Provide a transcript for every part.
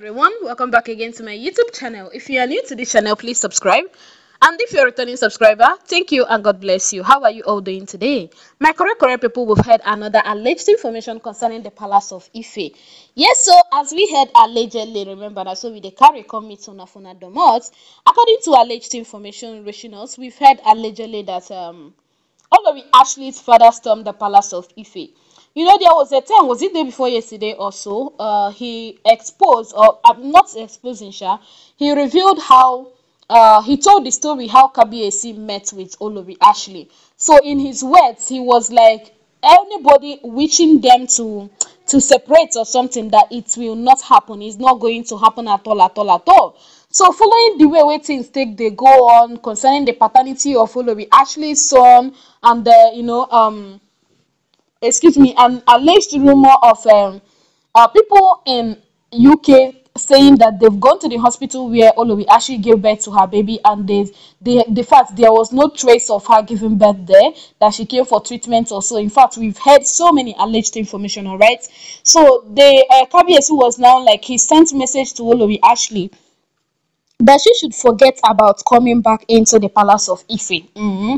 everyone welcome back again to my youtube channel if you are new to this channel please subscribe and if you're a returning subscriber thank you and god bless you how are you all doing today my correct correct people we've heard another alleged information concerning the palace of ife yes so as we heard allegedly remember that so with the carry come meet on afuna domot according to alleged information rationals we've heard allegedly that um although we actually father stormed the palace of ife you know there was a time was it day before yesterday or uh he exposed or i'm uh, not exposing sha he revealed how uh, he told the story how Kabiesi met with Olori Ashley. So in his words, he was like, anybody wishing them to to separate or something that it will not happen. It's not going to happen at all, at all, at all. So following the way where things take, they go on concerning the paternity of Olori Ashley's son and the, uh, you know, um, excuse me, an alleged rumor of um, uh, people in UK saying that they've gone to the hospital where Olowi actually gave birth to her baby and they, they, the fact there was no trace of her giving birth there, that she came for treatment or so. In fact, we've heard so many alleged information, all right? So the uh, was now like, he sent message to Olowi Ashley that she should forget about coming back into the palace of Ife. Mm-hmm.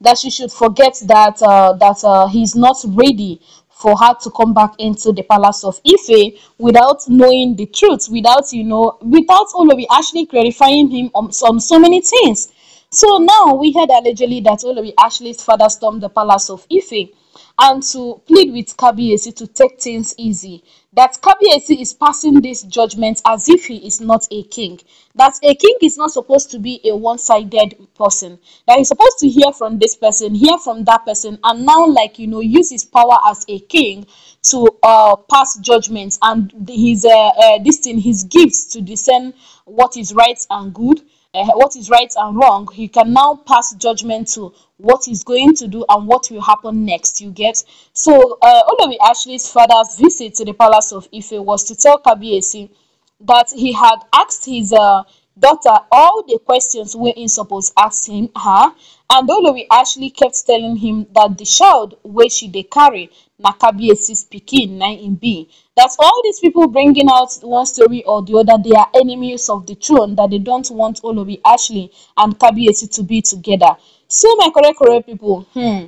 That she should forget that uh, that uh, he's not ready for her to come back into the palace of Ife without knowing the truth, without you know, without Olobi actually clarifying him on, so many things. So now we heard allegedly that Olobi actually's father stormed the palace of Ife and to plead with K B A C to take things easy. That K B A C is passing this judgment as if he is not a king. That a king is not supposed to be a one sided person. That he's supposed to hear from this person, hear from that person, and now, like, you know, use his power as a king to uh, pass judgments and his, uh, uh, this thing, his gifts to discern what is right and good Eh, what is right and wrong, he can now pass judgment to what he's going to do and what will happen next. You get so uh, Olori Ashley's father's visit to the palace of Ife was to tell Kabiesi that he had asked his uh, daughter all the questions we in supposed ask him her and olori actually kept telling him that the child where she they carry na speaking nine na im that all these people bringing out one story or the other they are enemies of the throne that they don't want olori ashley and kabiyesi to be together so my correct correct people hmm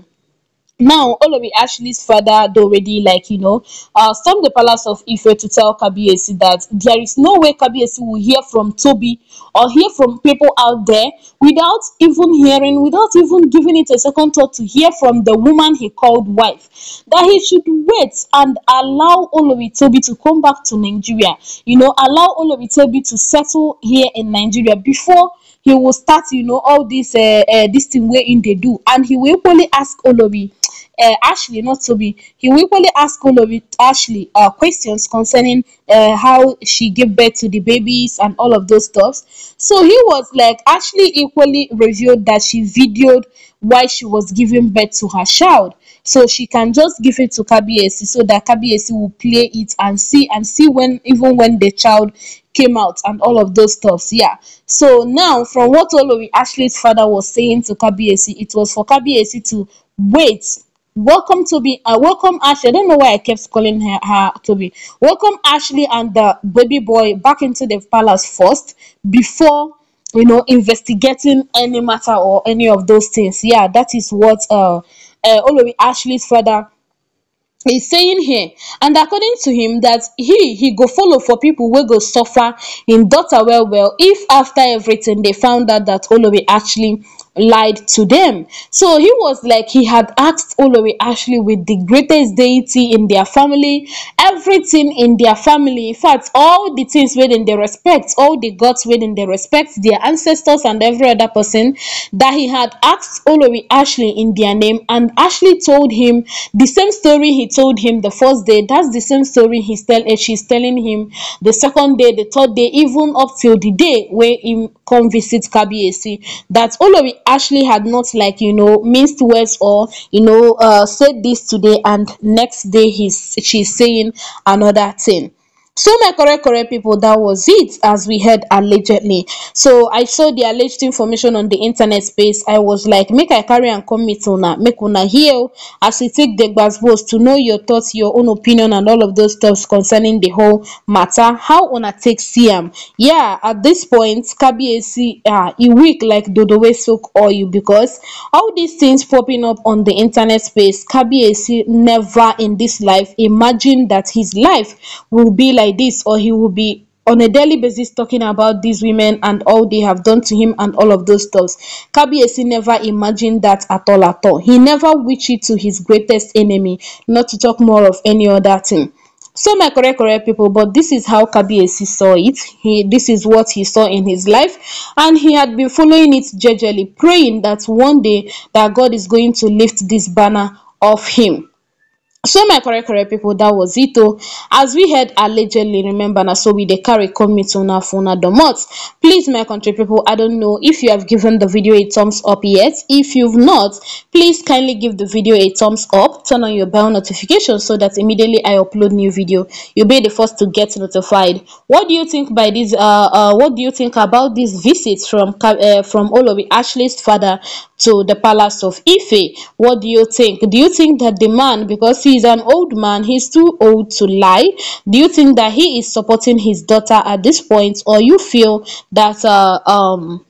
now, Olori Ashley's father already, like, you know, uh, stormed the palace of Ife to tell Kabiesi that there is no way Kabiesi will hear from Toby or hear from people out there without even hearing, without even giving it a second thought to hear from the woman he called wife. That he should wait and allow Olori Toby to come back to Nigeria, you know, allow Olori Toby to settle here in Nigeria before he will start you know all this uh, uh this thing where in they do and he will only ask olobi uh, Ashley, not Toby. He will only ask all of it, Ashley uh, questions concerning uh, how she gave birth to the babies and all of those stuffs. So he was like, Ashley equally revealed that she videoed why she was giving birth to her child so she can just give it to Kabiesi so that Kabiesi will play it and see and see when even when the child came out and all of those stuffs. Yeah. So now, from what Olori Ashley's father was saying to Kabiesi, it was for Kabiesi to wait. Welcome Toby. Uh, welcome Ashley. I don't know why I kept calling her, her Toby. Welcome Ashley and the baby boy back into the palace first before you know investigating any matter or any of those things. Yeah, that is what uh uh, Olori Ashley's father, is saying here and according to him that he he go follow for people will go suffer in daughter well well if after everything they found out that olori Ashley lied to them. So he was like he had asked Olori Ashley with the greatest deity in their family, everything in their family, in fact, all the things within their respect, all the gods within their respect, their ancestors and every other person, that he had asked Olori Ashley in their name, and Ashley told him the same story he told him the first day. That's the same story he's telling. Eh, she's telling him the second day, the third day, even up till the day where he come visit Kabiesi. That Olori Ashley had not like you know minced words or you know uh, said this today and next day he's she's saying another thing so my correct correct people, that was it as we heard allegedly. So I saw the alleged information on the internet space. I was like, make I carry and come meet una, make una hear as we take the buzzwords to know your thoughts, your own opinion, and all of those stuffs concerning the whole matter. How una take CM? Yeah, at this point, KBAC uh you weak like Dodowe soak oil because all these things popping up on the internet space, KBAC never in this life imagined that his life will be like like this or he will be on a daily basis talking about these women and all they have done to him and all of those stuffs. Kabiesi never imagined that at all at all. He never wished it to his greatest enemy, not to talk more of any other thing. So my correct correct people, but this is how Kabiesi saw it. He this is what he saw in his life, and he had been following it jejely, praying that one day that God is going to lift this banner off him so my correct correct people, that was it as we heard allegedly remember na so we the carry come meet una for una domot please my country people, i don't know if you have given the video a thumbs up yet if you've not please kindly give the video a thumbs up turn on your bell notification so that immediately i upload new video you'll be the first to get notified what do you think by this uh, uh what do you think about this visit from uh, from Olabi Ashley's father to the palace of Ife what do you think do you think that the man because he is an old man. He's too old to lie. Do you think that he is supporting his daughter at this point or you feel that uh, um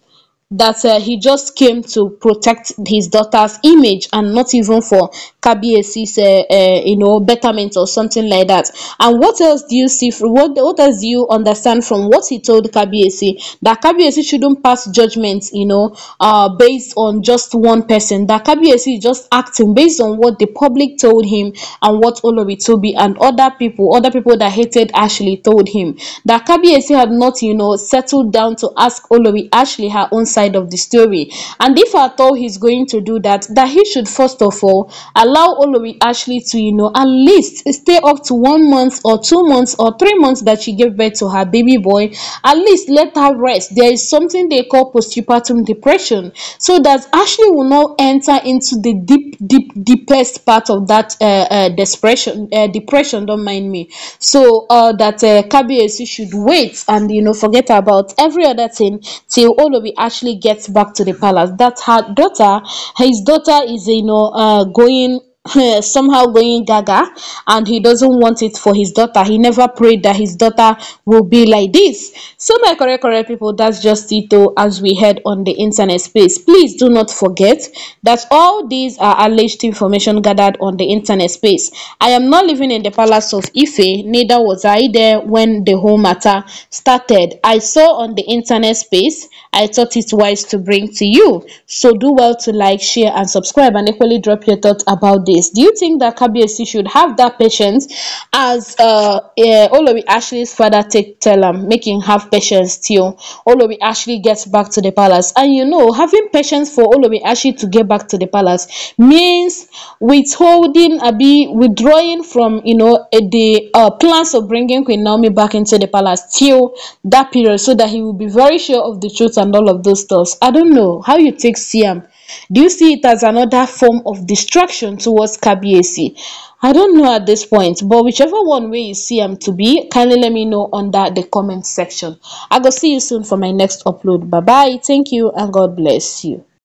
that uh, he just came to protect his daughter's image and not even for KBAC's, uh, uh, you know, betterment or something like that. And what else do you see? From, what what else do you understand from what he told KBAC that KBAC shouldn't pass judgment, you know, uh, based on just one person. That KBAC is just acting based on what the public told him and what Olobi Toby and other people, other people that hated Ashley told him. That KBAC had not, you know, settled down to ask Olobi Ashley her own side of the story. And if at all he's going to do that, that he should first of all allow Olori Ashley to, you know, at least stay up to one month or two months or three months that she gave birth to her baby boy. At least let her rest. There is something they call postpartum depression so that Ashley will not enter into the deep, deep deepest part of that uh, uh, depression uh, depression don't mind me so uh, that uh, KBSU should wait and you know forget about every other thing till Olubi actually gets back to the palace that her daughter his daughter is you know uh, going somehow going gaga and he doesn't want it for his daughter he never prayed that his daughter will be like this so my correct correct people that's just it though as we heard on the internet space please do not forget that all these are alleged information gathered on the internet space i am not living in the palace of ife neither was i there when the whole matter started i saw on the internet space i thought it wise to bring to you so do well to like share and subscribe and equally drop your thoughts about this case. Do you think that KBSC should have that patience as uh, uh, Olori Ashley's father take tell him, making have patience till Olobi Ashley gets back to the palace? And you know, having patience for Olobi Ashley to get back to the palace means withholding, a be withdrawing from, you know, eh, the uh, plans of bringing Queen Naomi back into the palace till that period so that he will be very sure of the truth and all of those stuff. I don't know how you take Siam. Do you see it as another form of distraction towards Kabiesi? I don't know at this point, but whichever one way you see them to be, kindly let me know under the comment section. I will see you soon for my next upload. Bye bye. Thank you and God bless you.